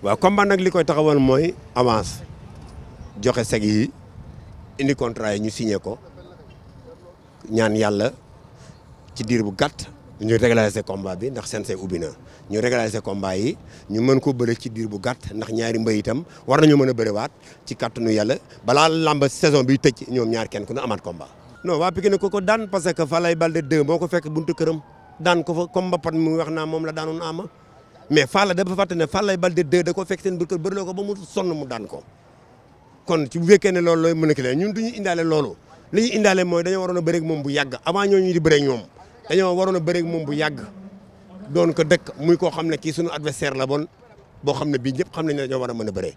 waaw combat nag li koy taxawal mooy avance joxe seg yi indi contrat yi ñu signé ko ñaan yàlla ci diir bu gàtt ñu régulariser comba bi ndax seen say ubbi na ñu régulariser combat yi ñu mën ko bëre ci diir bu gàtt ndax ñaari mbay itam war nañu mën a bëriwaat ci kàttanu yàlla balaa làmb saison bi tëj ñoom ñaar kenn ku ne amaat combat. non waa Pikine ko ko daan parce que Falaye Baldé 2 boo ko fekk buntu këram daan ko fa comme mbapat mi wax naa moom la daanoon ama mais Falla dafa fàtte ne Falla Baldé 2 da ko fekk seen biir kër bëri na ko ba mu sonn mu daan ko kon ci bu fekkee ne loolu looy leen ñun du ñu indaale loolu li ñu indaale mooy dañoo waroon a bëreeg moom bu yàgg avant ñooñu di bëreeg ñoom dañoo waroon a bëreeg moom bu yàgg doon ko dëkk muy koo xam ne kii suñu adversaire la bon boo xam ne bii ñëpp xam nañ ne dañoo war a mën a bëree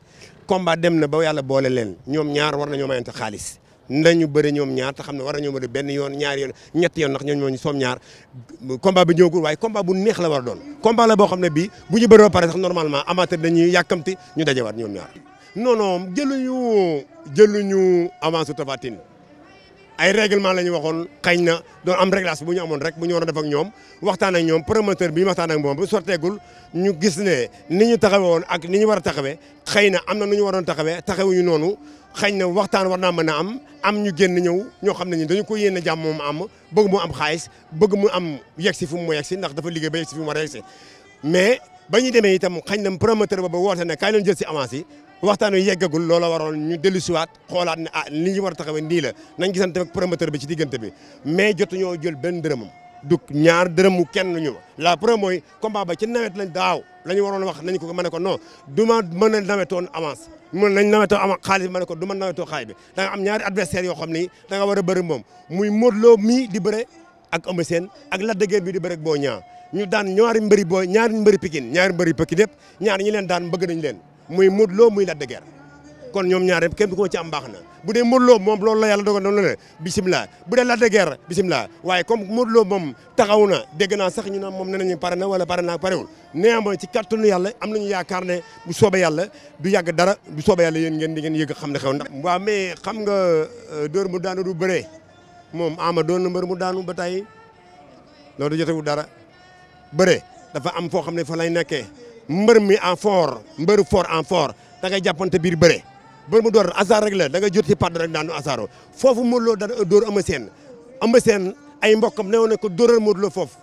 combat dem na ba yàlla boole leen ñoom ñaar war nañoo mayante xaalis ñu bëri ñoom ñaar te xam ne war nañoo bëri benn yoon ñaar yoon ñetti yoon ndax ñoom ñoo ñu soom ñaar combat bi ñëwagul waaye combat bu neex la war a doon. combat la boo xam ne bii bu ñu bëree ba pare sax normalement amateur dañuy yàkkamti ñu dajewaat ñoom ñaar non non jëluñu jëluñu avance su Tapha Tine ay règlement la ñu waxoon xëy na doon am réglage bu ñu amoon rek bu ñu war a def ak ñoom waxtaan ak ñoom promoteur bi ñu waxtaan ak moom bu sotteegul ñu gis ne ni ñu taxawe woon ak ni ñu war a taxawee xëy na am na nu ñu waroon taxawee taxawuñu noonu xëy na waxtaan war naa mën a am am ñu génn ñëw ñoo xam ne ñu dañu ko yéene jàmm moom am bëgg mu am xaalis bëgg mu am yegsi fu mu yegsi ndax dafa liggéey ba yegsi fu mu war a yegsi mais ba ñu demee itam xañ na promoteur boobu woote ne kaay leen jël si avance yi waxtaan wi loola waroon ñu dellu siwaat xoolaat ne ah li ñu war a taxawee nii la nañ gisante ak promoteur bi ci diggante bi mais jotuñoo jël benn dërëmam du ñaar dërëmu kenn ñu la preuve mooy combat ba ci nawet lañ daaw la ñu waroon wax nañ ko mën ne ko non du ma mën nawetoon avance mën nañ nawetoo ama xaalis bi ma ne ko du ma nawetoo xaay bi da nga am ñaari adversaire xam ni da war a bëri moom muy Modou Lo mii di bëre ak Eumeu Sène ak Lac de bi di bëre ak Boy Niang ñu daan ñaari mbëri booy ñaari mbëri Pikine ñaari mbëri Pikine yëpp ñaar ñi leen daan bëgg nañ leen muy Modou loo muy Lac de kon ñoom ñaar kenn ko ci am baax na bu dee Modou Lo moom loolu la yàlla dogal noonu la ne bisimilah bu dee Lac de waaye comme Modou moom taxaw na dégg naa sax ñu ne moom nee ñu pare na wala pare naa parewul néanmoins ci kattanu yàlla am nañu yaakaar ne bu soobee yàlla du yàgg dara bu soobee yàlla yéen ngeen di ngeen yëg xam ne xew ndax waaw mais xam nga euh, dóor mu daanu du bëree moom ama doon na mbari mu daanu ba tey loolu jotewul dara bëre dafa am foo xam ne fa lay nekkee mbër mi en fort mbër fort en fort da ngay jàppante biir bëre bër mu door asaar rek la da ngay jot ci padd rek daanu asaaroo foofu Modou Lo da dóor Eumeu Sène Eumeu Sène ay mbokkam newoon ne ko dóoral Modou foofu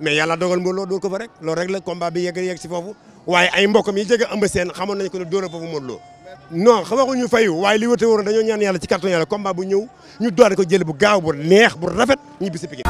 mais yàlla dogal Modou Lo dóor ko fa rek loolu rek la combat bi yegg yegg si foofu waaye ay mbokkam yi jege Eumeu Sène xamoon nañ ko ne dóoral foofu Modou Lo non xamaguñu fayu waaye li wate woon dañoo ñaan yàlla ci carton yàlla combat bu ñëw ñu doore ko jël bu gaaw bu neex bu rafet ñibbi si Pikine